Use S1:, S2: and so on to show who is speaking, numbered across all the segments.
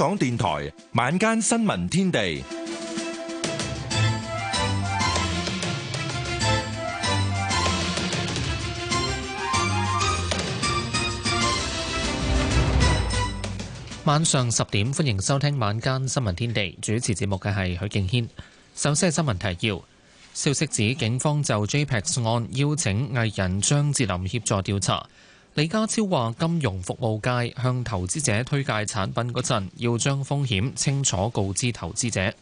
S1: 港電台晚間新聞天地，
S2: 晚上十點，歡迎收聽晚間新聞天地。主持節目嘅係許敬軒。首先係新聞提要，消息指警方就 JPEX 案邀請藝人張智霖協助調查。李家超話，金融服務界向投資者推介產品嗰陣，要將風險清楚告知投資者。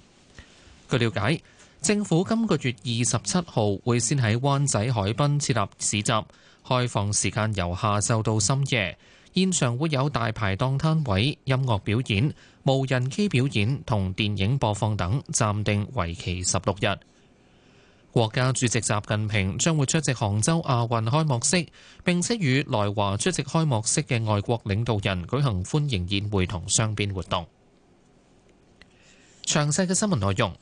S2: 據了解，政府今個月二十七號會先喺灣仔海濱設立市集，開放時間由下晝到深夜，現場會有大排檔攤位、音樂表演、無人機表演同電影播放等，暫定為期十六日。國家主席習近平將會出席杭州亞運開幕式，並且與來華出席開幕式嘅外國領導人舉行歡迎宴會同雙邊活動。詳細嘅新聞內容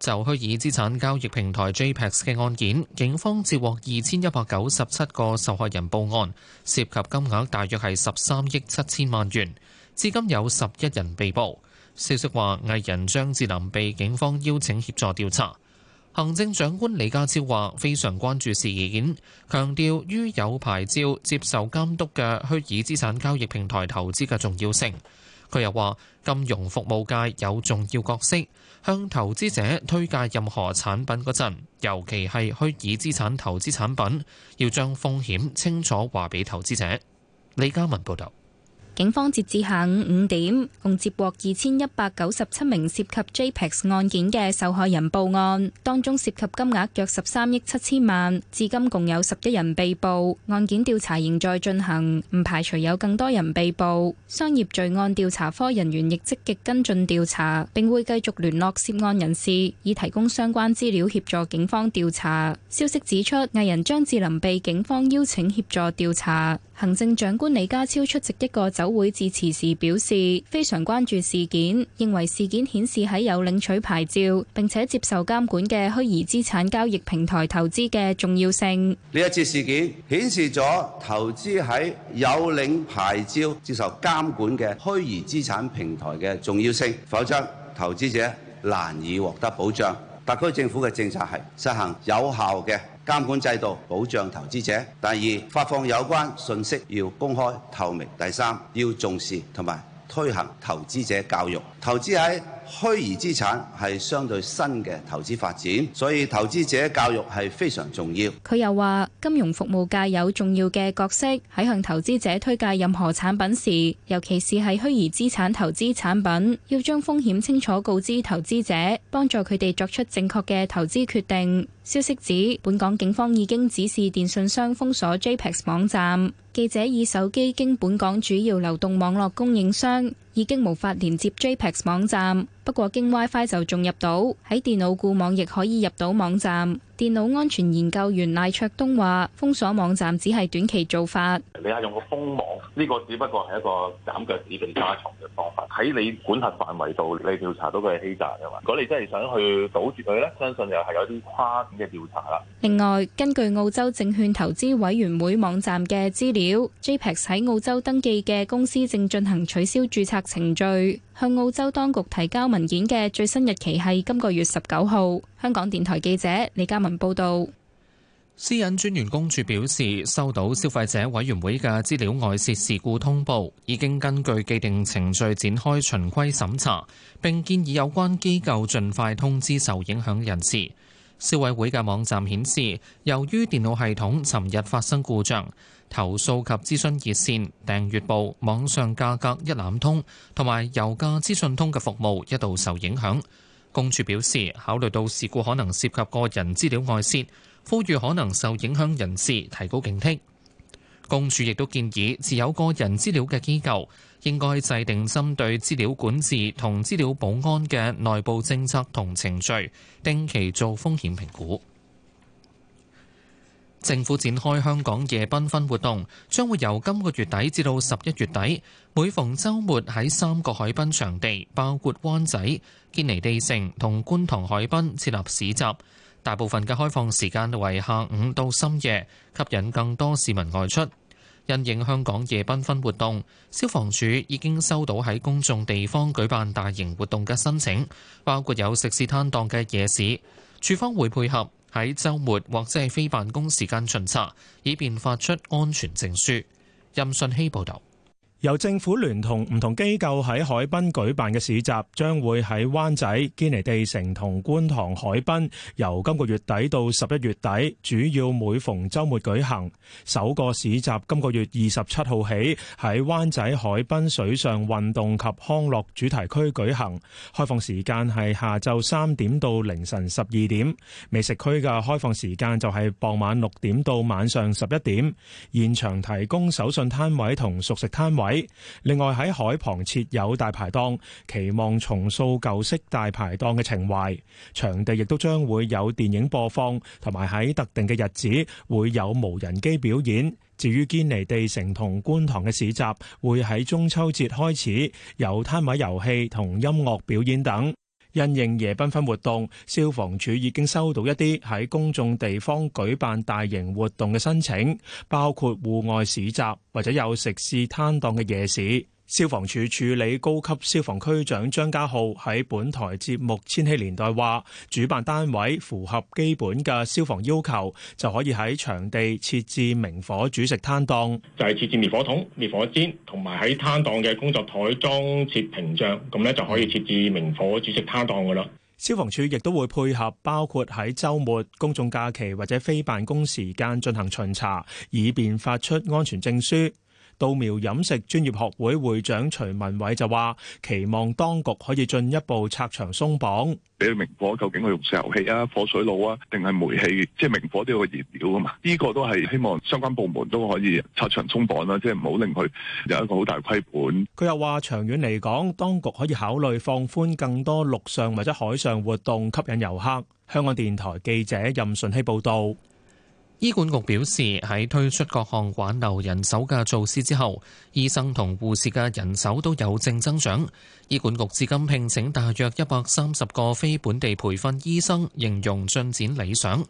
S2: 就虛擬資產交易平台 JPEX 嘅案件，警方接獲二千一百九十七個受害人報案，涉及金額大約係十三億七千萬元，至今有十一人被捕。消息話，藝人張智霖被警方邀請協助調查。行政長官李家超話：非常關注事件，強調於有牌照接受監督嘅虛擬資產交易平台投資嘅重要性。佢又話：金融服務界有重要角色，向投資者推介任何產品嗰陣，尤其係虛擬資產投資產品，要將風險清楚話俾投資者。李嘉文報道。
S3: 警方截至下午五點，共接獲二千一百九十七名涉及 JPEX 案件嘅受害人報案，當中涉及金額約十三億七千萬。至今共有十一人被捕，案件調查仍在進行，唔排除有更多人被捕。商業罪案調查科人員亦積極跟進調查，並會繼續聯絡涉案人士，以提供相關資料協助警方調查。消息指出，藝人張智霖被警方邀請協助調查。行政長官李家超出席一個酒會致辭時表示，非常關注事件，認為事件顯示喺有領取牌照並且接受監管嘅虛擬資產交易平台投資嘅重要性。
S4: 呢一次事件
S5: 顯示咗投資喺有領牌照、接受監管嘅虛擬資產平台嘅重要性，否則投資者難以獲得保障。特區政府嘅政策係實行有效嘅。監管制度保障投資者。第二，發放有關信息要公開透明。第三，要重視同埋，推行投資者教育，投資喺虛擬資產係相對新嘅投資發展，所以投資者教育係非常重要。
S3: 佢又話，金融服務界有重要嘅角色，喺向投資者推介任何產品時，尤其是係虛擬資產投資產品，要將風險清楚告知投資者，幫助佢哋作出正確嘅投資決定。消息指，本港警方已經指示電信商封鎖 JPEX 網站。記者以手機經本港主要流動網絡供應商已經無法連接 JPEX 網站，不過經 WiFi 就仲入到，喺電腦固網亦可以入到網站。電腦安全研究員賴卓東話：封鎖網站只係短期做法。
S6: 你係用個封網，呢個只不過係一個斬腳趾避沙蟲嘅方法。喺你管轄範圍度，你調查到佢係欺詐嘅話，如果你真係想去堵住佢咧，相信又係有啲跨境嘅調查啦。
S3: 另外，根據澳洲證券投資委員會網站嘅資料，JPEX 喺澳洲登記嘅公司正進行取消註冊程序。向澳洲當局提交文件嘅最新日期係今個月十九號。香港電台記者李嘉文報道。
S2: 私隱專員公署表示收到消費者委員會嘅資料外泄事故通報，已經根據既定程序展開循規審查，並建議有關機構盡快通知受影響人士。消委會嘅網站顯示，由於電腦系統尋日發生故障，投訴及諮詢熱線，訂閲部、網上價格一覽通同埋油價資訊通嘅服務一度受影響。公署表示，考慮到事故可能涉及個人資料外泄，呼籲可能受影響人士提高警惕。公署亦都建議自有個人資料嘅機構應該制定針對資料管治同資料保安嘅內部政策同程序，定期做風險評估。政府展開香港夜繽紛活動，將會由今個月底至到十一月底，每逢周末喺三個海濱場地，包括灣仔、堅尼地城同觀塘海濱設立市集。大部分嘅開放時間為下午到深夜，吸引更多市民外出。因應香港夜繽紛活動，消防處已經收到喺公眾地方舉辦大型活動嘅申請，包括有食肆攤檔嘅夜市，處方會配合。喺周末或者係非辦公時間巡查，以便
S1: 發出安全證書。任信希報道。由政府聯同唔同機構喺海濱舉辦嘅市集，將會喺灣仔、堅尼地城同觀塘海濱，由今個月底到十一月底，主要每逢週末舉行。首個市集今個月二十七號起喺灣仔海濱水上運動及康樂主題區舉行，開放時間係下晝三點到凌晨十二點。美食區嘅開放時間就係傍晚六點到晚上十一點。現場提供手信攤位同熟食攤位。另外，喺海旁設有大排檔，期望重塑舊式大排檔嘅情懷。場地亦都將會有電影播放，同埋喺特定嘅日子會有無人機表演。至於堅尼地城同觀塘嘅市集，會喺中秋節開始，有攤位遊戲同音樂表演等。因應夜繽紛活動，消防處已經收到一啲喺公眾地方舉辦大型活動嘅申請，包括戶外市集或者有食肆攤檔嘅夜市。消防處處理高級消防區長張家浩喺本台節目《千禧年代》話，主辦單位符合基本嘅消防要求，就可以喺場地設置明火煮食攤檔，就係設置滅火筒、滅火氈，同埋喺攤檔嘅工作台裝設屏障，咁咧就可以設置明火煮食攤檔㗎喇。消防處亦都會配合，包括喺周末、公眾假期或者非辦公時間進行巡查，以便發出安全證書。稻苗飲食專業學會會長徐文偉就話：期望當局可以進一步拆牆鬆綁，
S7: 你明火究竟係用石油氣啊、火水爐啊，定係煤氣？即係明火都要熱錶啊嘛。呢個都係希望相關部門都可以拆牆鬆綁啦，即係唔好令佢有一個好大虧本。
S1: 佢又話：長遠嚟講，當局可以考慮放寬更多陸上或者海上活動，吸引遊客。香港電台記者任順希報導。醫管局表示，喺推
S2: 出各項挽留人手嘅措施之後，醫生同護士嘅人手都有正增長。醫管局至今聘請大約一百三十個非本地培訓醫生，形容進展理想。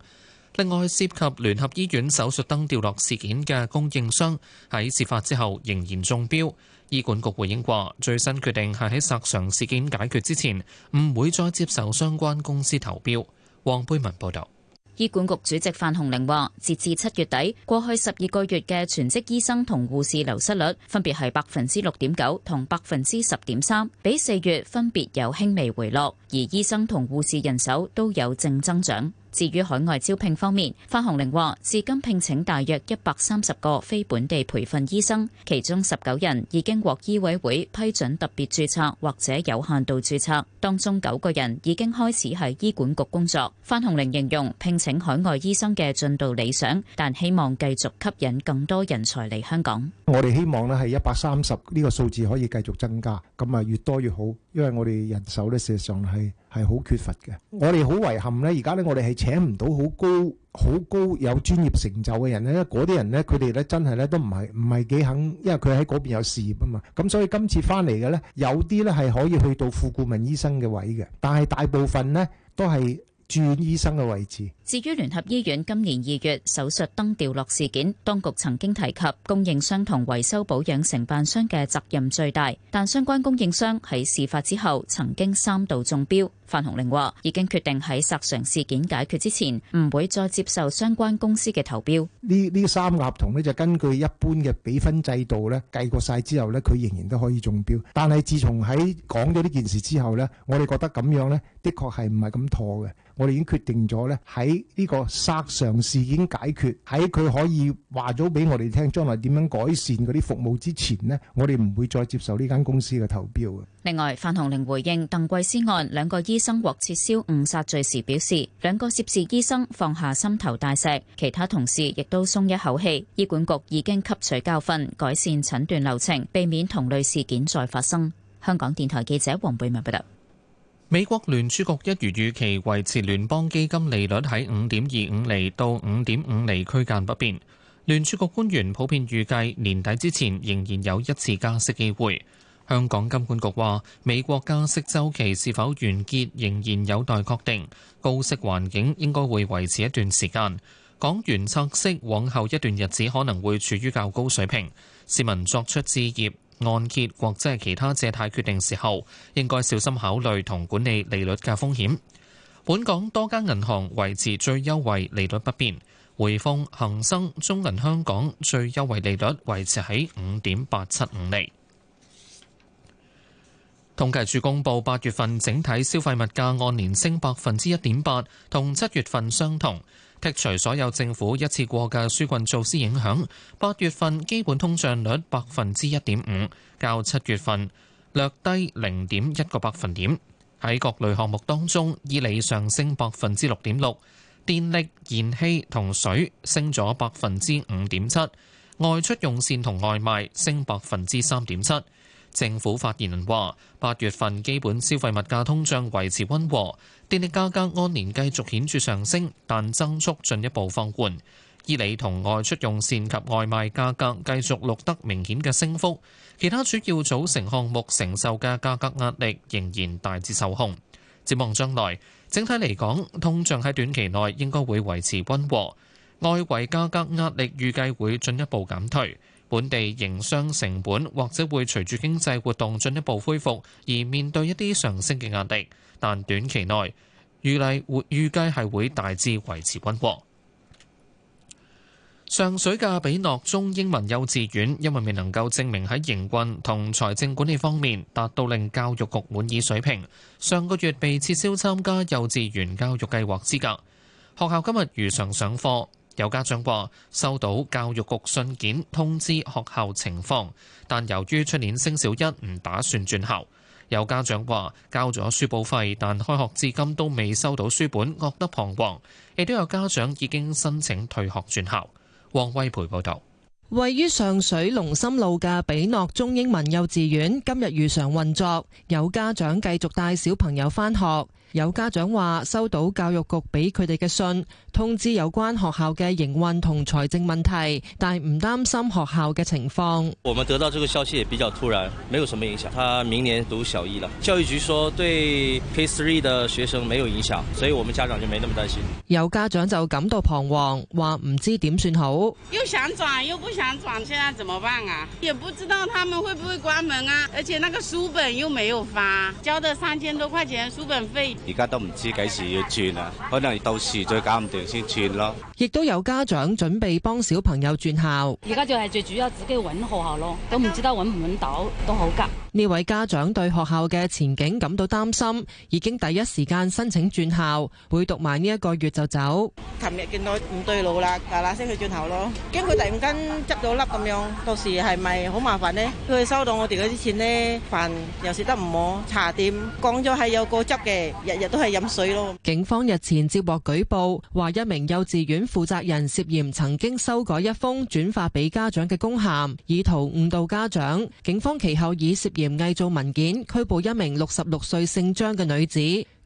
S2: 另外，涉及聯合醫院手術燈掉落事件嘅供應商喺事發之後仍然中標。醫管局回應話最新決定係喺索償事件解決之前，唔會再接受相關公司投標。黃佩文報道。
S8: 醫管局主席范紅玲話，截至七月底，過去十二個月嘅全職醫生同護士流失率分別係百分之六點九同百分之十點三，比四月分別有輕微回落，而醫生同護士人手都有正增長。至於海外招聘方面，范鴻齡話，至今聘請大約一百三十個非本地培訓醫生，其中十九人已經獲醫委會批准特別註冊或者有限度註冊，當中九個人已經開始喺醫管局工作。范鴻齡形容聘請海外醫生嘅進度理想，但希望繼續吸引更多人才嚟香港。
S9: 我哋希望呢係一百三十呢個數字可以繼續增加，咁啊越多越好，因為我哋人手呢事實上係。係好缺乏嘅。我哋好遺憾呢。而家呢，我哋係請唔到好高、好高有專業成就嘅人咧。嗰啲人呢，佢哋咧真係咧都唔係唔係幾肯，因為佢喺嗰邊有事業啊嘛。咁所以今次翻嚟嘅呢，有啲呢係可以去到副顧問醫生嘅位嘅，但係大部分呢都係住院醫生嘅位置。
S8: 至於聯合醫院今年二月手術燈掉落事件，當局曾經提及供應商同維修保養承辦商嘅責任最大，但相關供應商喺事發之後曾經三度中標。范鴻齡話：已經決定喺殺傷事件解決之前，唔會再接受相關公司嘅投標。
S9: 呢呢三個合同呢，就根據一般嘅比分制度呢計過晒之後呢，佢仍然都可以中標。但係自從喺講咗呢件事之後呢，我哋覺得咁樣呢，的確係唔係咁妥嘅。我哋已經決定咗呢，喺呢個殺傷事件解決，喺佢可以話咗俾我哋聽將來點樣改善嗰啲服務之前呢，我哋唔會再接受呢間公司嘅投標嘅。
S8: 另外，范鴻齡回應鄧桂思案兩個醫生。醫生獲撤銷誤殺罪時表示，兩個涉事醫生放下心頭大石，其他同事亦都鬆一口氣。醫管局已經吸取教訓，改善診斷流程，避免同類事件再發生。香港電台記者黃貝文報道。
S2: 美國聯儲局一如預期維持聯邦基金利率喺五點二五厘到五點五厘區間不變。聯儲局官員普遍預計年底之前仍然有一次加息機會。香港金管局話美國加息週期是否完結，仍然有待確定，高息環境應該會維持一段時間，港元拆息往後一段日子可能會處於較高水平。市民作出置業按揭或者係其他借貸決定時候，應該小心考慮同管理利率嘅風險，本港多間銀行維持最優惠利率不變，匯豐、恒生、中銀香港最優惠利率維持喺五點八七五厘。統計處公布八月份整體消費物價按年升百分之一點八，同七月份相同。剔除所有政府一次過嘅紓緩措施影響，八月份基本通脹率百分之一點五，較七月份略低零點一個百分點。喺各類項目當中，衣履上升百分之六點六，電力、燃氣同水升咗百分之五點七，外出用膳同外賣升百分之三點七。政府發言人話八月份基本消費物價通脹維持溫和，電力價格按年繼續顯著上升，但增速進一步放緩，衣履同外出用膳及外賣價格，價格繼續錄得明顯嘅升幅，其他主要組成項目承受嘅價格壓力仍然大致受控。展望將來整體嚟講通脹喺短期內應該會維持溫和，外圍價格壓力預計會，會進一步減退。本地營商成本或者會隨住經濟活動進一步恢復，而面對一啲上升嘅壓力，但短期內預例會預計係會大致維持溫和。上水價比諾中英文幼稚園因為未能夠證明喺營運同財政管理方面達到令教育局滿意水平，上個月被撤銷參加幼稚園教育計劃資格，學校今日如常上課。有家長話收到教育局信件通知學校情況，但由於出年升小一唔打算轉校。有家長話交咗書簿費，但開學至今都未收到書本，覺得彷徨。亦都有家長已經申請退學轉校。黃威培報道，
S10: 位於上水龍心路嘅比諾中英文幼稚園今日如常運作，有家長繼續帶小朋友返學。有家長話收到教育局俾佢哋嘅信，通知有關學校嘅營運同財政問題，但係唔擔心學校嘅情況。
S11: 我們得到這個消息也比較突然，沒有什麼影響。他明年讀小一啦。教育局說對 K3 的學生沒有影響，所以我們家長就
S1: 沒那麼擔心。
S10: 有家長就感到彷徨，話唔知點算好。
S12: 又想轉又不想轉，現在怎麼辦啊？也不知道他們會不會關門啊？而且那個書本又沒有發，交的三千多塊錢書本費。
S5: 而家都唔知幾時要轉啊，可能到時再搞唔掂先轉咯。
S10: 亦都有家長準備幫小朋友轉校，
S12: 而家就係最主要自己揾學校咯，都唔知得揾唔揾到都好急。
S10: 呢位家長對學校嘅前景感到擔心，已經第一時間申請轉校，會讀埋呢一個月就走。琴日見到唔對路啦，嗱嗱聲去轉校咯，驚佢突然間執到粒咁樣，到時係咪好麻煩咧？佢收到我哋嗰啲錢咧，飯又食得唔好，茶店講咗係有個執嘅。日日都係飲水咯。警方日前接獲舉報，話一名幼稚園負責人涉嫌曾經修改一封轉發俾家長嘅公函，以圖誤導家長。警方其後以涉嫌偽造文件拘捕一名六十六歲姓張嘅女子。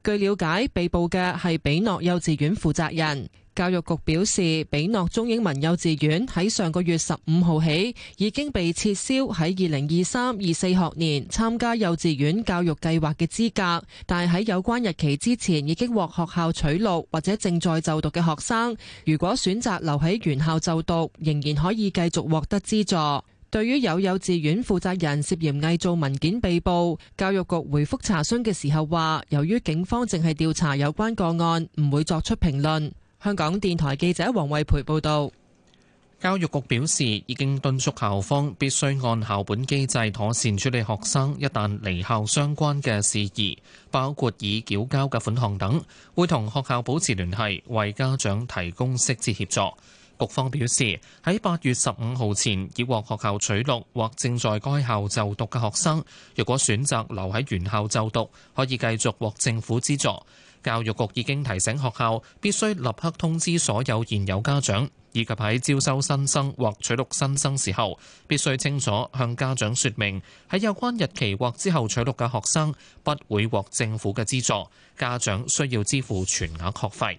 S10: 據了解，被捕嘅係比諾幼稚園負責人。教育局表示，比諾中英文幼稚園喺上個月十五號起已經被撤銷喺二零二三二四學年參加幼稚園教育計劃嘅資格。但係喺有關日期之前已經獲學校取錄或者正在就讀嘅學生，如果選擇留喺原校就讀，仍然可以繼續獲得資助。對於有幼稚園負責人涉嫌偽造文件被捕，教育局回覆查詢嘅時候話，由於警方正係調查有關個案，唔會作出評論。香港電台記者王慧培報道，教育局表
S2: 示，已經敦促校方必須按校本機制妥善處理學生一旦離校相關嘅事宜，包括已繳交嘅款項等，會同學校保持聯繫，為家長提供適切協助。局方表示，喺八月十五號前已獲學校取錄或正在該校就讀嘅學生，若果選擇留喺原校就讀，可以繼續獲政府資助。教育局已經提醒學校必須立刻通知所有現有家長，以及喺招收新生或取錄新生時候，必須清楚向家長説明喺有關日期或之後取錄嘅學生不會獲政府嘅資助，家長需要支付全額學費。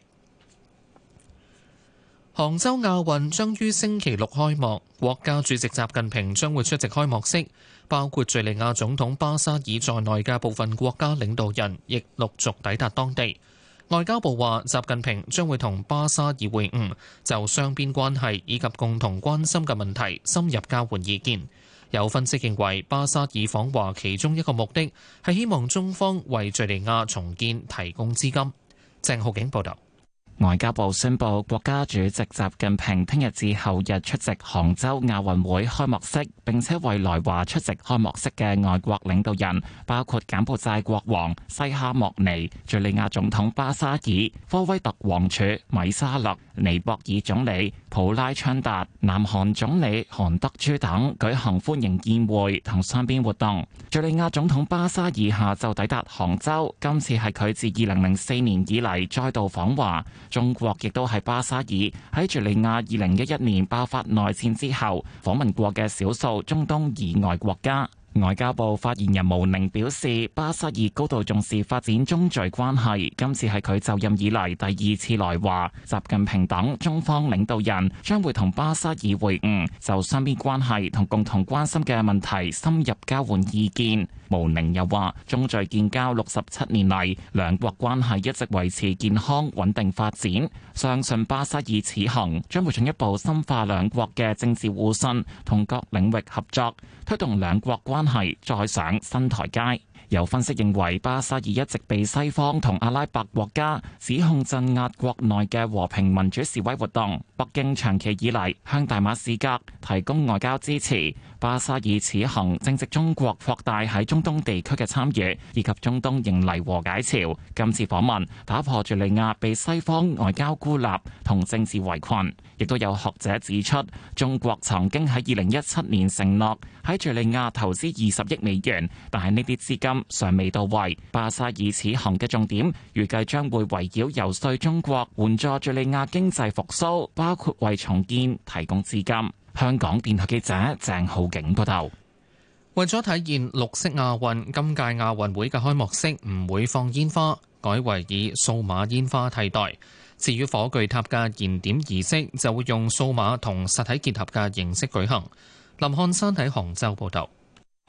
S2: 杭州亞運將於星期六開幕，國家主席習近平將會出席開幕式。包括敘利亞總統巴沙爾在內嘅部分國家領導人亦陸續抵達當地。外交部話，習近平將會同巴沙爾會晤，就雙邊關係以及共同關心嘅問題深入交換意見。有分析認為，巴沙爾訪華其中一個目的係希望中方為敘利亞重建提供資金。鄭浩景報道。外交部宣佈，國家主席習近平聽日至後日出席杭
S13: 州亞運會開幕式，並且為來華出席開幕式嘅外國領導人，包括柬埔寨國王西哈莫尼、敘利亞總統巴沙爾、科威特王儲米沙勒、尼泊爾總理普拉昌達、南韓總理韓德珠等舉行歡迎宴會同雙邊活動。敘利亞總統巴沙爾下晝抵達杭州，今次係佢自二零零四年以嚟再度訪華。中國亦都係巴沙爾喺敘利亞二零一一年爆發內戰之後訪問過嘅少數中東以外國家。外交部發言人毛寧表示，巴沙爾高度重視發展中敘關係，今次係佢就任以嚟第二次來華。習近平等中方領導人將會同巴沙爾會晤，就雙邊關係同共同關心嘅問題深入交換意見。毛寧又話，中敘建交六十七年嚟，兩國關係一直維持健康穩定發展，相信巴沙爾此行將會進一步深化兩國嘅政治互信，同各領域合作，推動兩國關。係再上新台階。有分析認為，巴沙爾一直被西方同阿拉伯國家指控鎮壓國內嘅和平民主示威活動。北京長期以嚟向大馬士革提供外交支持。巴沙爾此行正值中國擴大喺中東地區嘅參與，以及中東迎嚟和解潮。今次訪問打破敘利亞被西方外交孤立同政治圍困，亦都有學者指出，中國曾經喺二零一七年承諾喺敘利亞投資二十億美元，但係呢啲資金尚未到位。巴沙爾此行嘅重點預計將會圍繞遊說中國援助敘利亞經濟復蘇，包括為重建提供資金。香
S2: 港電台記者鄭浩景報道。為咗體現綠色亞運，今屆亞運會嘅開幕式唔會放煙花，改為以數碼煙花替代。至於火炬塔嘅燃點儀式，就會用數碼同實體結合嘅形式
S14: 舉行。林漢山喺杭州報道。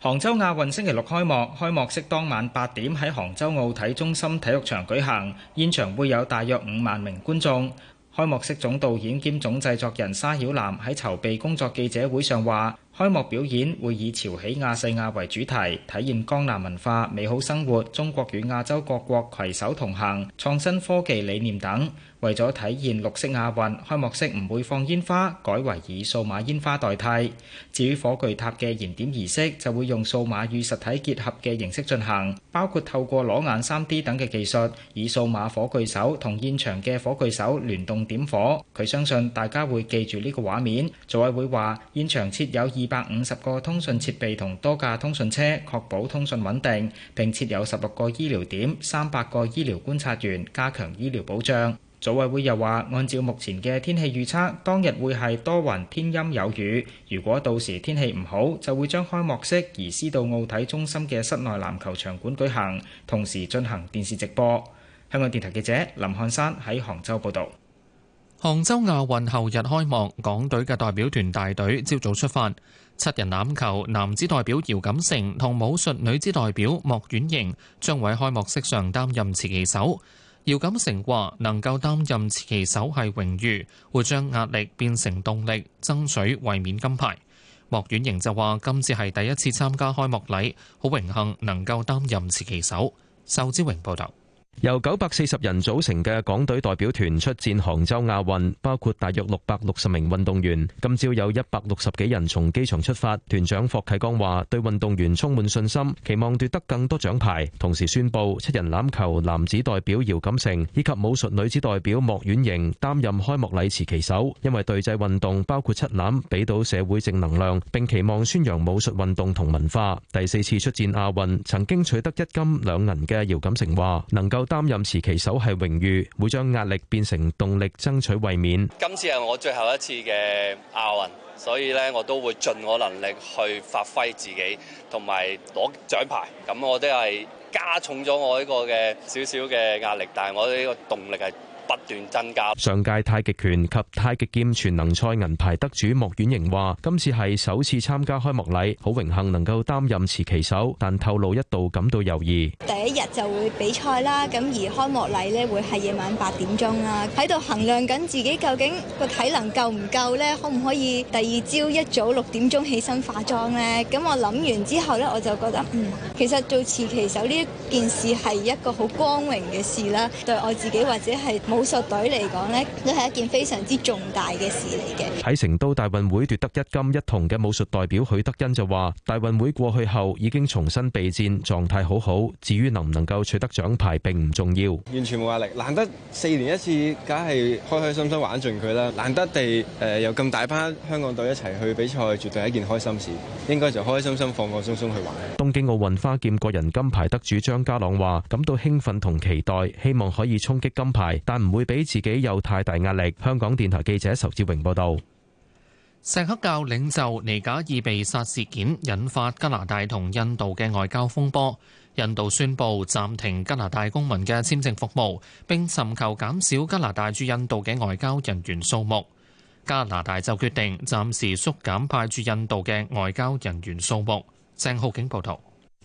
S14: 杭州亞運星期六開幕，開幕式當晚八點喺杭州奧體中心體育場舉行，現場會有大約五萬名觀眾。開幕式總導演兼總製作人沙曉嵐喺籌備工作記者會上話，開幕表演會以潮起亞細亞為主題，體驗江南文化、美好生活、中國與亞洲各國攜手同行、創新科技理念等。為咗體現綠色亞運，開幕式唔會放煙花，改為以數碼煙花代替。至於火炬塔嘅燃點儀式，就會用數碼與實體結合嘅形式進行，包括透過裸眼 3D 等嘅技術，以數碼火炬手同現場嘅火炬手聯動點火。佢相信大家會記住呢個畫面。組委會話，現場設有二百五十個通訊設備同多架通訊車，確保通訊穩定。並設有十六個醫療點，三百個醫療觀察員，加強醫療保障。組委會又話，按照目前嘅天氣預測，當日會係多雲天陰有雨。如果到時天氣唔好，就會將開幕式移師到奧體中心嘅室內籃球場館舉行，同時進行電視直播。香港電台記者林漢山喺杭州報道。
S2: 杭州亞運後日開幕，港隊嘅代表團大隊朝早出發，七人欖球男子代表姚錦成同武術女子代表莫婉瑩將喺開幕式上擔任持旗手。姚錦成話：能夠擔任持旗手係榮譽，會將壓力變成動力，爭取衛冕金牌。莫婉瑩就話：今次係第一次參加開幕禮，好榮幸能夠擔任持旗手。仇志榮報道。
S11: 由九百四十人組成嘅港隊代表團出戰杭州亞運，包括大約六百六十名運動員。今朝有一百六十幾人從機場出發。團長霍啟剛話：對運動員充滿信心，期望奪得更多獎牌。同時宣布七人欖球男子代表姚錦成以及武術女子代表莫宛瑩擔任開幕禮持旗手。因為隊制運動包括七欖，俾到社會正能量，並期望宣揚武術運動同文化。第四次出戰亞運，曾經取得一金兩銀嘅姚錦成話：能夠。擔任時旗手係榮譽，會將壓力變成動力，爭取衛冕。
S5: 今次係我最後一次嘅亞運，所以咧我都會盡我能力去發揮自己，同埋攞獎牌。咁我都係加重咗我呢個嘅少少嘅壓力，但係我呢個動力係不斷增加。
S11: 上屆太極拳及太極劍全能賽銀牌得主莫婉瑩話：今次係首次參加開幕禮，好榮幸能夠擔任持旗手，但透露一度感到猶豫。
S3: 第一日就會比賽啦，咁而開幕禮呢會係夜晚八點鐘啦，喺度衡量緊自己究竟個體能夠唔夠呢，可唔可以第二朝一早六點鐘起身化妝呢？咁我諗完之後呢，我就覺得嗯，其實做持旗手呢一件事係一個好光榮嘅事啦，對我自己或者係。武術隊嚟講咧，都係一件非常之重大嘅事嚟嘅。
S11: 喺成都大運會奪得一金一銅嘅武術代表許德恩就話：大運會過去後已經重新備戰，狀態好好。至於能唔能夠取得獎牌，並唔重要。完全冇壓力，難得四年一次，梗係開開心心玩盡佢啦。難得地誒，有咁大班香港隊一齊去比賽，絕對係一件開心事。應該就開開心心、放放鬆鬆去玩。東京奧運花劍個人金牌得主張家朗話：感到興奮同期待，希望可以衝擊金牌，但唔會俾自己有太大壓力。香港電台記者仇志榮報道。
S2: 錫克教領袖尼賈爾被殺事件引發加拿大同印度嘅外交風波。印度宣布暫停加拿大公民嘅簽證服務，並尋求減少加拿大駐印度嘅外交人員數目。加拿大就決定暫時縮減派駐印度嘅外交人員數目。鄭浩景報道。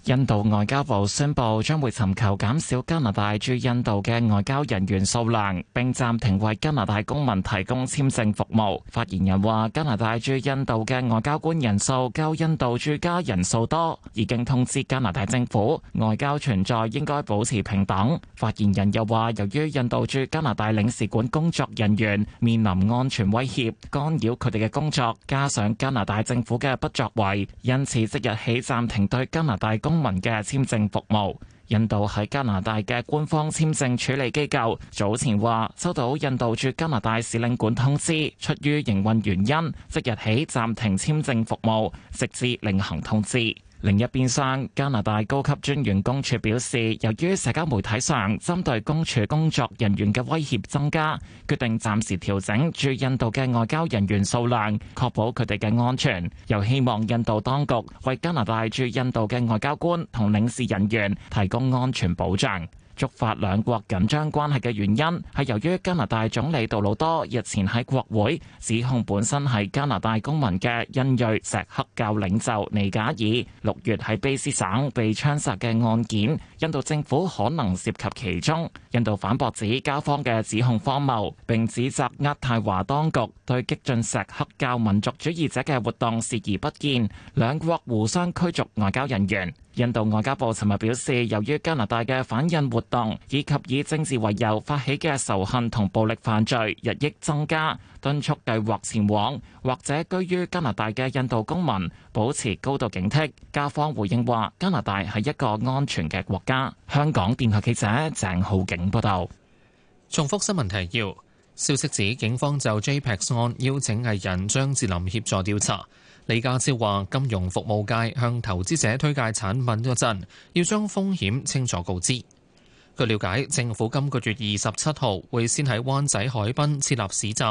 S13: 印度外交部宣布，將會尋求減少加拿大駐印度嘅外交人員數量，並暫停為加拿大公民提供簽證服務。發言人話：加拿大駐印度嘅外交官人數較印度駐加人數多，已經通知加拿大政府，外交存在應該保持平等。發言人又話：由於印度駐加拿大領事館工作人員面臨安全威脅，干擾佢哋嘅工作，加上加拿大政府嘅不作為，因此即日起暫停對加拿大。公民嘅簽證服務，印度喺加拿大嘅官方簽證處理機構早前話收到印度駐加拿大使領館通知，出於營運原因，即日起暫停簽證服務，直至另行通知。另一邊廂，加拿大高級專員公署表示，由於社交媒體上針對公署工作人員嘅威脅增加，決定暫時調整駐印度嘅外交人員數量，確保佢哋嘅安全。又希望印度當局為加拿大駐印度嘅外交官同領事人員提供安全保障。觸發兩國緊張關係嘅原因係由於加拿大總理杜魯多日前喺國會指控本身係加拿大公民嘅印裔錫克教領袖尼賈爾六月喺卑詩省被槍殺嘅案件，印度政府可能涉及其中。印度反駁指加方嘅指控荒謬，並指責渥太華當局對激進錫克教民族主義者嘅活動視而不見，兩國互相驅逐外交人員。印度外交部尋日表示，由於加拿大嘅反印活動以及以政治為由發起嘅仇恨同暴力犯罪日益增加，敦促計劃前往或者居於加拿大嘅印度公民保持高度警惕。加方回應話，加拿大係一個安全
S2: 嘅國家。香港電台記者鄭浩景報道。重複新聞提要：消息指警方就 JPEX 案邀請藝人張智霖協助調查。李家超話，金融服務界向投資者推介產品嗰陣，要將風險清楚告知。據了解，政府今個月二十七號會先喺灣仔海濱設立市集，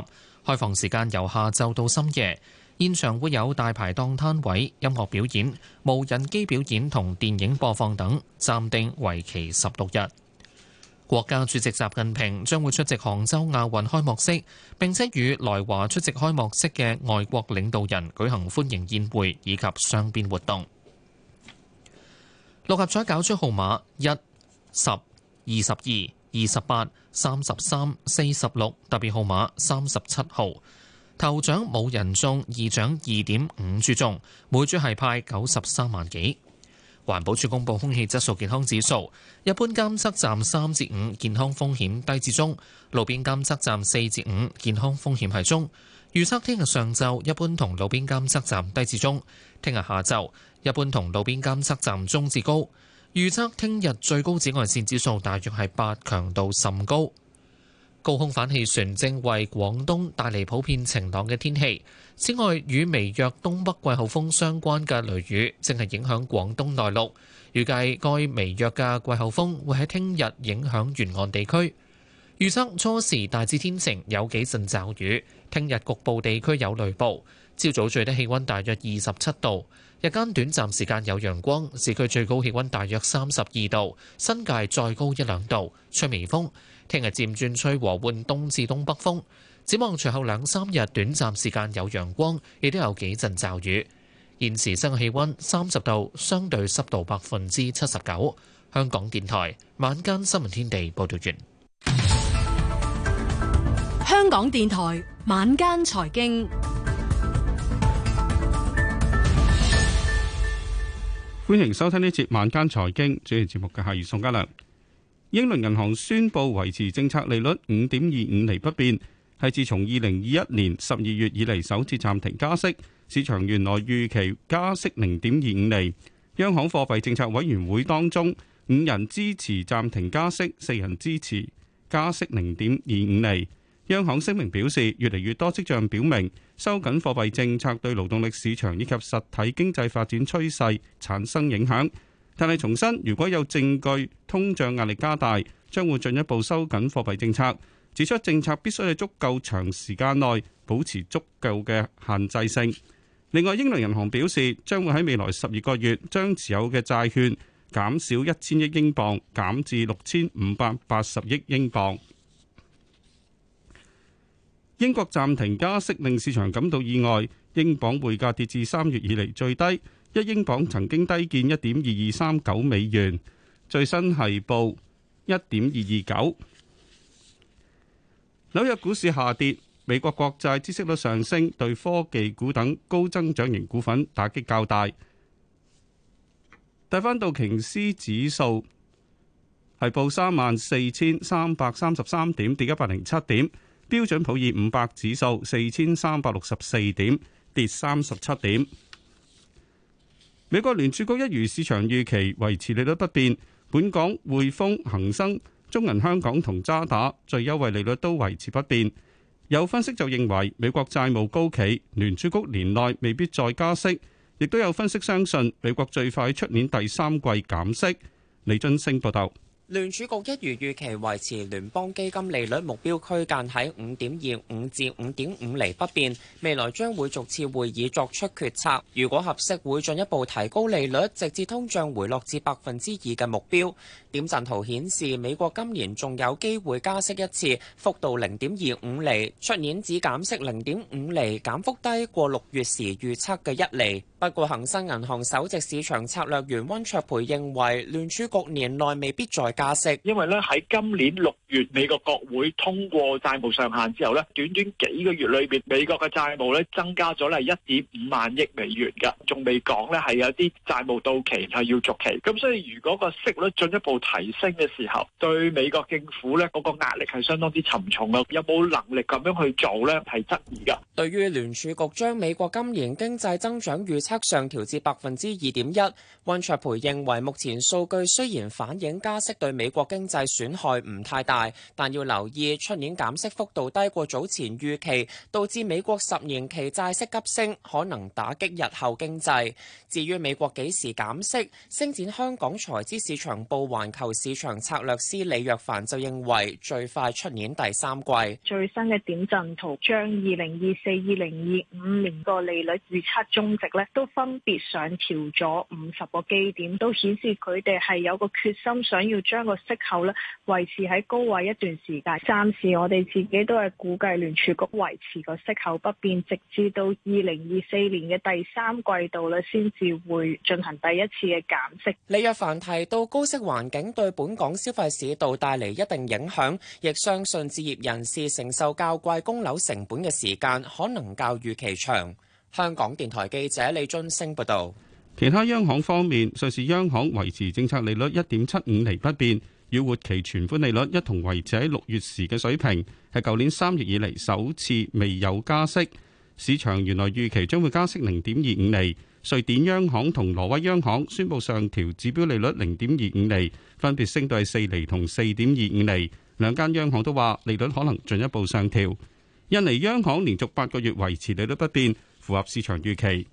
S2: 開放時間由下晝到深夜，現場會有大排檔攤位、音樂表演、無人機表演同電影播放等，暫定為期十六日。國家主席習近平將會出席杭州亞運開幕式，並且與來華出席開幕式嘅外國領導人舉行歡迎宴會以及雙邊活動。六合彩攪出號碼一、十、二十二、二十八、三十三、四十六，特別號碼三十七號。頭獎冇人中，二獎二點五注中，每注係派九十三萬幾。環保署公布空氣質素健康指數，一般監測站三至五，健康風險低至中；路邊監測站四至五，健康風險係中。預測聽日上晝一般同路邊監測站低至中，聽日下晝一般同路邊監測站中至高。預測聽日最高紫外線指數大約係八，強度甚高。高空反氣旋正為廣東帶嚟普遍晴朗嘅天氣。此外，與微弱東北季候風相關嘅雷雨正係影響廣東內陸。預計該微弱嘅季候風會喺聽日影響沿岸地區。預測初時大致天晴，有幾陣驟雨。聽日局部地區有雷暴。朝早最低氣温大約二十七度，日間短暫時間有陽光，市區最高氣温大約三十二度，新界再高一兩度，吹微風。聽日漸轉吹和緩東至東北風，展望隨後兩三日短暫時間有陽光，亦都有幾陣驟雨。現時室外氣温三十度，相對濕度百分之七十九。香港電台晚間新聞天地報道完。
S12: 香港電台晚間財經，
S6: 歡迎收聽呢節晚間財經，主持節目嘅係宋嘉良。英倫銀行宣布維持政策利率五點二五厘不變，係自從二零二一年十二月以嚟首次暫停加息。市場原來預期加息零點二五厘。央行貨幣政策委員會當中五人支持暫停加息，四人支持加息零點二五厘。央行聲明表示，越嚟越多跡象表明收緊貨幣政策對勞動力市場以及實體經濟發展趨勢產生影響。但係重申，如果有證據通脹壓力加大，將會進一步收緊貨幣政策。指出政策必須喺足夠長時間內保持足夠嘅限制性。另外，英倫銀行表示，將會喺未來十二個月將持有嘅債券減少一千億英鎊，減至六千五百八十億英鎊。英國暫停加息令市場感到意外，英鎊匯價跌至三月以嚟最低。一英鎊曾經低見一點二二三九美元，最新係報一點二二九。紐約股市下跌，美國國債孳息率上升，對科技股等高增長型股份打擊較大。睇翻道瓊斯指數係報三萬四千三百三十三點，跌一百零七點。標準普爾五百指數四千三百六十四點，跌三十七點。美國聯儲局一如市場預期維持利率不變，本港匯豐、恒生、中銀香港同渣打最優惠利率都維持不變。有分析就認為美國債務高企，聯儲局年內未必再加息，亦都有分析相信美國最快出年第三季減息。李俊升報道。
S7: 聯儲局一如預期維持聯邦基金利率目標區間喺五點二五至五點五釐不變，未來將會逐次會議作出決策。如果合適，會進一步提高利率，直至通脹回落至百分之二嘅目標。點陣圖顯示，美國今年仲有機會加息一次，幅度零點二五釐，出年只減息零點五釐，減幅低過六月時預測嘅一釐。不過，恒生銀行首席市場策略員温卓培認為，聯儲局
S5: 年內未必再加息，因為咧喺今年六
S1: 月美國國會通過債務
S5: 上限之後咧，短短幾個月裏邊，美國嘅債務咧增加咗咧一點五萬億美元噶，仲未講咧係有啲債務到期係要續期，咁所以如果個息率進一步提升嘅時候，對美國政府咧嗰個壓力係相當之沉重啊，有冇
S1: 能力咁樣去做咧係質疑
S5: 噶。
S7: 對於聯儲局將美國今年經濟增長預測上調至百分之二點一，温卓培認為目前數據雖然反映加息對美國經濟損害唔太大，但要留意出年減息幅度低過早前預期，導致美國十年期債息急升，可能打擊日後經濟。至於美國幾時減息，星展香港財資市場部環球市場策略師李若凡就認為最快出年第三季。
S3: 最新嘅點陣圖將二零二四、二零二五年個利率預測中值咧，都分別上調咗五十個基點，都顯示佢哋係有個決心想要將將個息口咧維持喺高位一段時間，暫時我哋自己都係估計聯儲局維持個息口不變，直至到二零二四年嘅第
S7: 三季度咧，先至會進行第一次嘅減息。李若凡提到高息環境對本港消費市道帶嚟一定影響，亦相信置業人士承受較貴供樓成本嘅時間可能較預期長。香港電台記者李俊升報道。
S6: 其他央行方面，瑞士央行維持政策利率一點七五厘不變，與活期存款利率一同維持喺六月時嘅水平，係舊年三月以嚟首次未有加息。市場原來預期將會加息零點二五厘。瑞典央行同挪威央行宣布上調指標利率零點二五厘，分別升到四厘同四點二五厘。兩間央行都話利率可能進一步上調。印尼央行連續八個月維持利率不變，符合市場預期。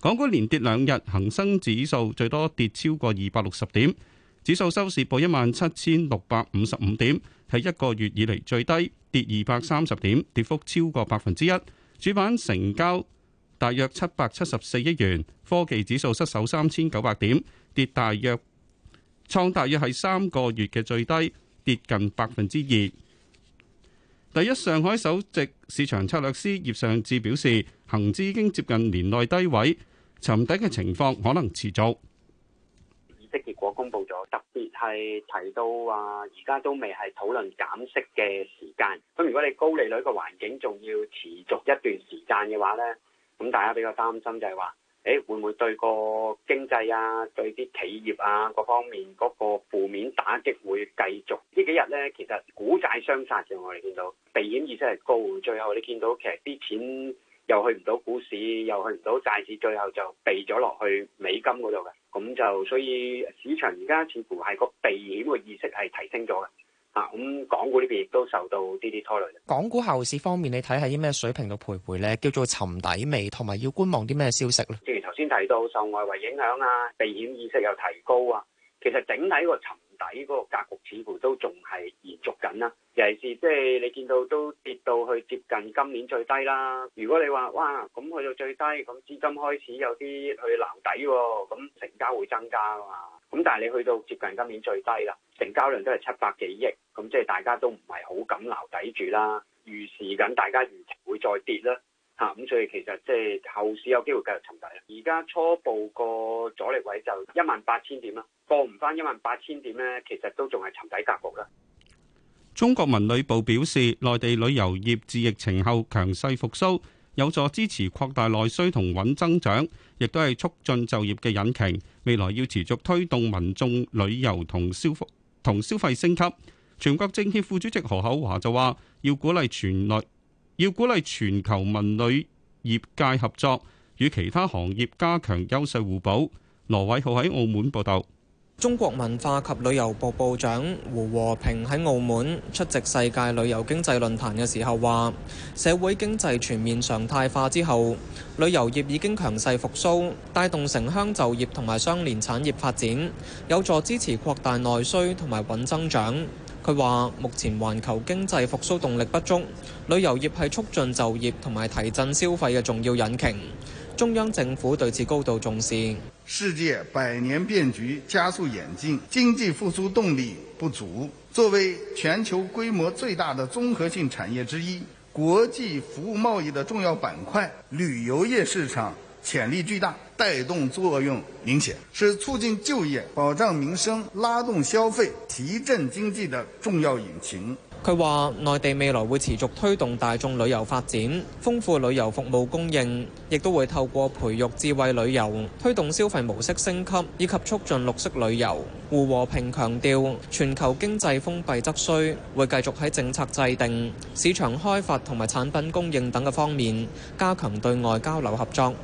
S6: 港股連跌兩日，恒生指數最多跌超過二百六十點，指數收市報一萬七千六百五十五點，係一個月以嚟最低，跌二百三十點，跌幅超過百分之一。主板成交大約七百七十四億元，科技指數失守三千九百點，跌大約創大約係三個月嘅最低，跌近百分之二。第一上海首席市場策略師葉尚志表示。恒指已經接近年內低位，沉底嘅情況可能持續。
S5: 議息結果公布咗，特別係提到啊，而家都未係討論減息嘅時間。咁如果你高利率嘅環境仲要持續一段時間嘅話咧，咁大家比較擔心就係話，誒、欸、會唔會對個經濟啊、對啲企業啊各方面嗰個負面打擊會繼續？幾呢幾日咧，其實股債相殺嘅，我哋見到避險意識係高，最後你見到其實啲錢。又去唔到股市，又去唔到債市，最後就避咗落去美金嗰度嘅，咁就所以市場而家似乎係個避險嘅意識係提升咗嘅，啊，咁、嗯、港股呢邊亦都受到啲啲拖累。
S7: 港股後市方面，你睇下啲咩水平度徘徊咧？叫做沉底尾，同埋要觀望啲咩消
S5: 息咧？正如頭先提到，受外圍影響啊，避險意識又提高啊，其實整體個沉。底嗰個格局似乎都仲係延續緊啦，尤其是即係你見到都跌到去接近今年最低啦。如果你話哇，咁去到最低，咁資金開始有啲去留底喎，咁成交會增加啊嘛。咁但係你去到接近今年最低啦，成交量都係七百幾億，咁即係大家都唔係好敢留底住啦，預示緊大家預期會再跌啦。嚇，咁所以其實，即係後市有機會繼續沉底，而家初步個阻力位就一萬八千點啦，過唔翻一萬八千點咧，其實都仲係沉底格局啦。
S6: 中國文旅部表示，內地旅遊業自疫情後強勢復甦，有助支持擴大內需同穩增長，亦都係促進就業嘅引擎。未來要持續推動民眾旅遊同消同消費升級。全國政協副主席何厚華就話，要鼓勵全內。要鼓勵全球文旅業界合作，與其他行業加強優勢互補。羅偉浩喺澳門報道，
S15: 中國文化及旅遊部部長胡和平喺澳門出席世界旅遊經濟論壇嘅時候話：社會經濟全面常態化之後，旅遊業已經強勢復甦，帶動城鄉就業同埋相連產業發展，有助支持擴大內需同埋穩增長。佢話目前環球經濟復蘇動力不足，旅遊業係促進就業同埋提振消費嘅重要引擎，中央政
S14: 府對此高度重視。世界百年變局加速演進，經濟復蘇動力不足。作為全球規模最大的綜合性產業之一，國際服務貿易的重要板塊，旅遊業市場潛力巨大。帶動作用明顯，是促進就業、保障民生、拉動消費、提振經濟的重要引擎。
S15: 佢話：內地未來會持續推動大眾旅遊發展，豐富旅遊服務供應，亦都會透過培育智慧旅遊，推動消費模式升級，以及促進綠色旅遊。胡和平強調，全球經濟封閉則衰，會繼續喺政策制定、市場開發同埋產品供應等嘅方面加強對外交流合作。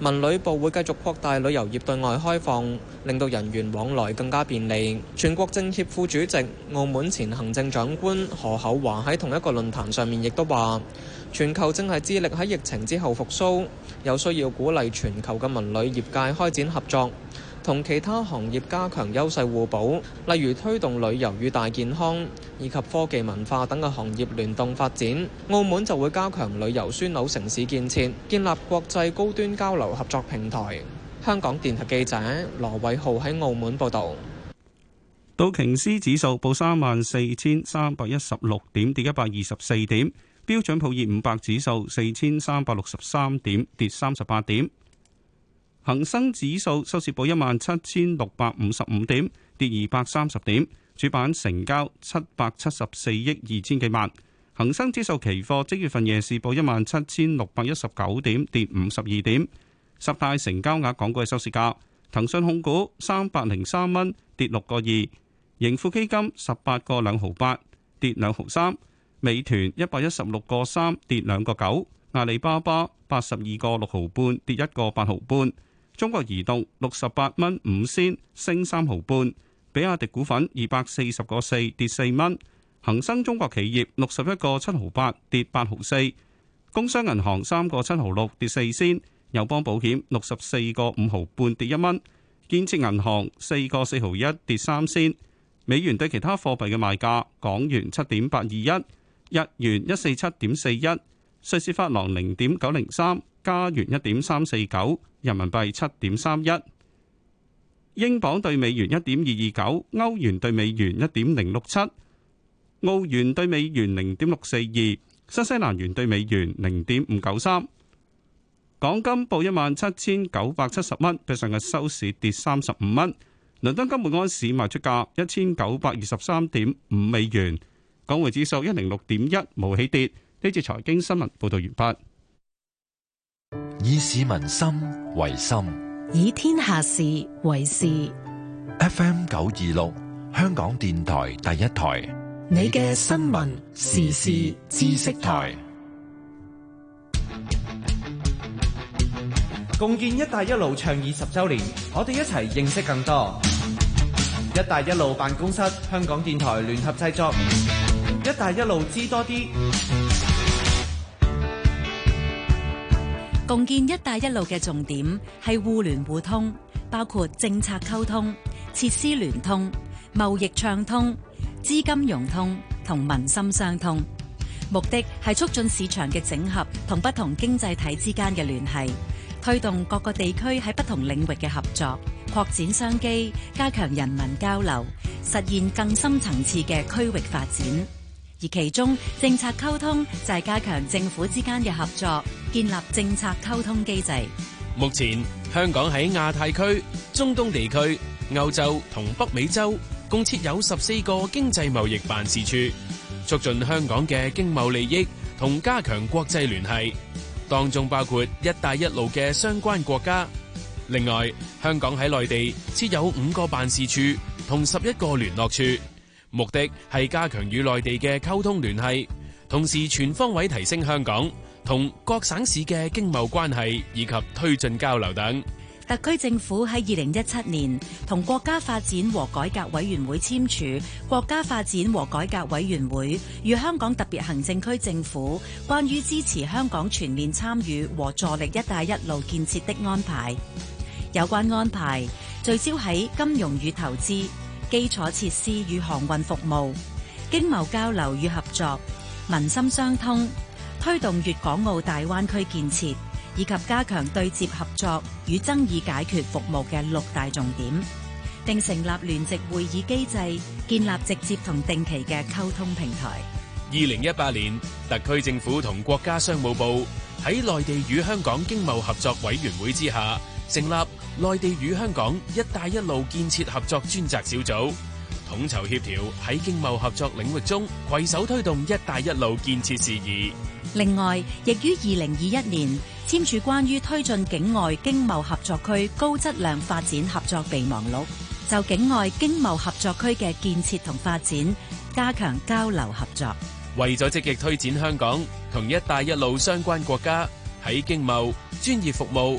S15: 文旅部會繼續擴大旅遊業對外開放，令到人員往來更加便利。全國政協副主席、澳門前行政長官何厚鏵喺同一個論壇上面亦都話：全球正致力喺疫情之後復甦，有需要鼓勵全球嘅文旅業界開展合作。同其他行業加強優勢互補，例如推動旅遊與大健康以及科技文化等嘅行業聯動發展。澳門就會加強旅遊樞紐城市建設，建立國際高端交流合作平台。香港電台記者羅偉浩喺澳門報道。
S6: 道瓊斯指數報三萬四千三百一十六點，跌一百二十四點。標準普爾五百指數四千三百六十三點，跌三十八點。恒生指數收市報一萬七千六百五十五點，跌二百三十點。主板成交七百七十四億二千幾萬。恒生指數期貨即月份夜市報一萬七千六百一十九點，跌五十二點。十大成交額港股嘅收市價：騰訊控股三百零三蚊，跌六個二；盈富基金十八個兩毫八，跌兩毫三；美團一百一十六個三，跌兩個九；阿里巴巴八十二個六毫半，跌一個八毫半。中國移動六十八蚊五仙升三毫半。比亞迪股份二百四十個四跌四蚊。恒生中國企業六十一個七毫八跌八毫四。工商銀行三個七毫六跌四仙。友邦保險六十四個五毫半跌一蚊。建設銀行四個四毫一跌三仙。美元對其他貨幣嘅賣價，港元七點八二一，日元一四七點四一，瑞士法郎零點九零三。加元一點三四九，人民幣七點三一，英鎊對美元一點二二九，歐元對美元一點零六七，澳元對美元零點六四二，新西蘭元對美元零點五九三。港金報一萬七千九百七十蚊，比上日收市跌三十五蚊。倫敦金每安士賣出價一千九百二十三點五美元。港匯指數一零六點一，無起跌。呢節財經新聞報道完畢。以市民心為心，以天下事為事。FM 九二六
S12: 香港電台第一台，
S13: 你嘅新聞時事知識
S11: 台，共建“一帶一路”倡議十周年，我哋一齊認識更多。“一帶一路”
S12: 辦公室、香港電台聯合製作。《“一帶一路”知多啲》。共建“一帶一路”嘅重點係互聯互通，包括政策溝通、設施聯通、貿易暢通、資金融通同民心相通。目的係促進市場嘅整合同不同經濟體之間嘅聯繫，推動各個地區喺不同領域嘅合作，擴展商機，加強人民交流，實現更深層次嘅區域發展。而其中政策溝通就係加強政府之間嘅合作，建立政策溝通機制。
S4: 目前香港喺亞太區、中東地區、歐洲同北美洲共設有十四個經濟貿易辦事處，促進香港嘅經貿利益同加強國際聯繫，當中包括一帶一路嘅相關國家。另外，香港喺內地設有五個辦事處同十一個聯絡處。目的係加強與內地的溝通，聯繫同時全方位提升香港同各省市的經貿關係，以及推進交流
S12: 等。特區政府喺2017年同國家發展和改革委員會簽署國家發展和改革委員會與香港特別行政區政府關於支持香港全面參與和助力一帶一路建設的安排。有關安排聚焦喺金融與投資。基礎設施與航運服務、經貿交流與合作、民心相通，推動粵港澳大灣區建設，以及加強對接合作與爭議解決服務嘅六大重點，並成立聯席會議機制，建立直接同定期嘅溝通平台。
S4: 二零一八年，特區政府同國家商務部喺內地與香港經貿合作委員會之下成立內地與香港“一帶一路”建設合作專責小組統籌協調，喺經貿合作領域中攜手推動“一帶一路”建設事宜。
S12: 另外，亦於二零二一年簽署關於推進境外經貿合作區高質量發展合作備忘錄，就境外經貿合作區嘅建設同發展加強交流合作。
S4: 為咗積極推展香港，同“一帶一路”相關國家喺經貿專業服務。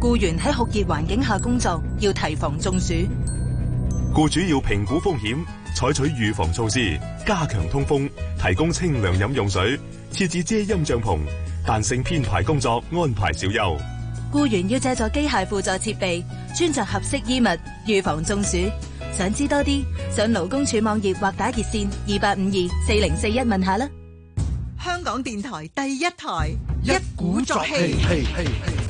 S12: 雇員喺酷熱環境下工作，要提防中暑。
S1: 雇主要評估風險，採取預防措施，加強通風，提供清涼飲用水，設置遮陰帳篷，彈性編排工作，安排小休。
S12: 雇員要借助機械輔助設備，穿着合適衣物，預防中暑。想知多啲，上勞工處網頁或打熱線二八五二四零四一問下啦。香港電台第一台，一鼓作氣。Hey, hey, hey, hey.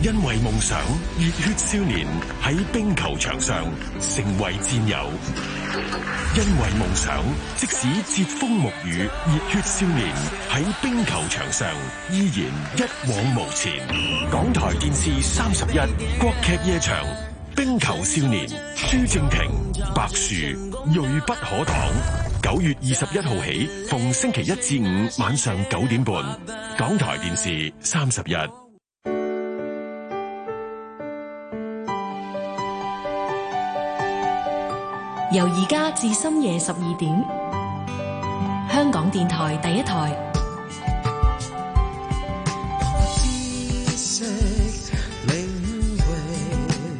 S4: 因為夢想，熱血少年喺冰球場上成為戰友。因為夢想，即使櫛風沐雨，熱血少年喺冰球場上依然一往無前。港台電視三十一《國劇夜場》《冰球少年》，朱正廷、白樹銳不可擋。九月二十一號起，逢星期一至五晚上九點半，港台電視三十一。
S12: 由而家至深夜十二點，香港電台第一台。